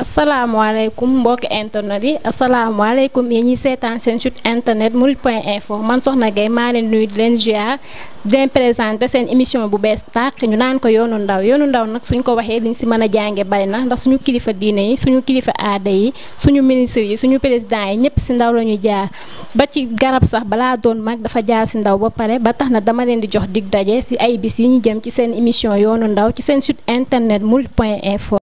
asalaamaaleykum mbokki internet yi asalaamaaleykum yéen ñi seetaan seen site internet mourides point info man Soxna Gaye maa leen nuyu di leen ziar di leen présenté seen émission bu bees tàq ñu naan ko yoonu ndaw yoonu ndaw nag suñ ko waxee liñ si mën a jànge bari na ndax suñu kilifa diine yi suñu kilifa aada yi suñu ministre yi suñu président yi ñëpp si ndaw la ñu jaar ba ci garab sax balaa doon mag dafa jaar si ndaw ba pare ba tax na dama leen di jox dig daje si ay bis yi ñu jëm ci seen émission yoonu ndaw ci seen site internet mourides point info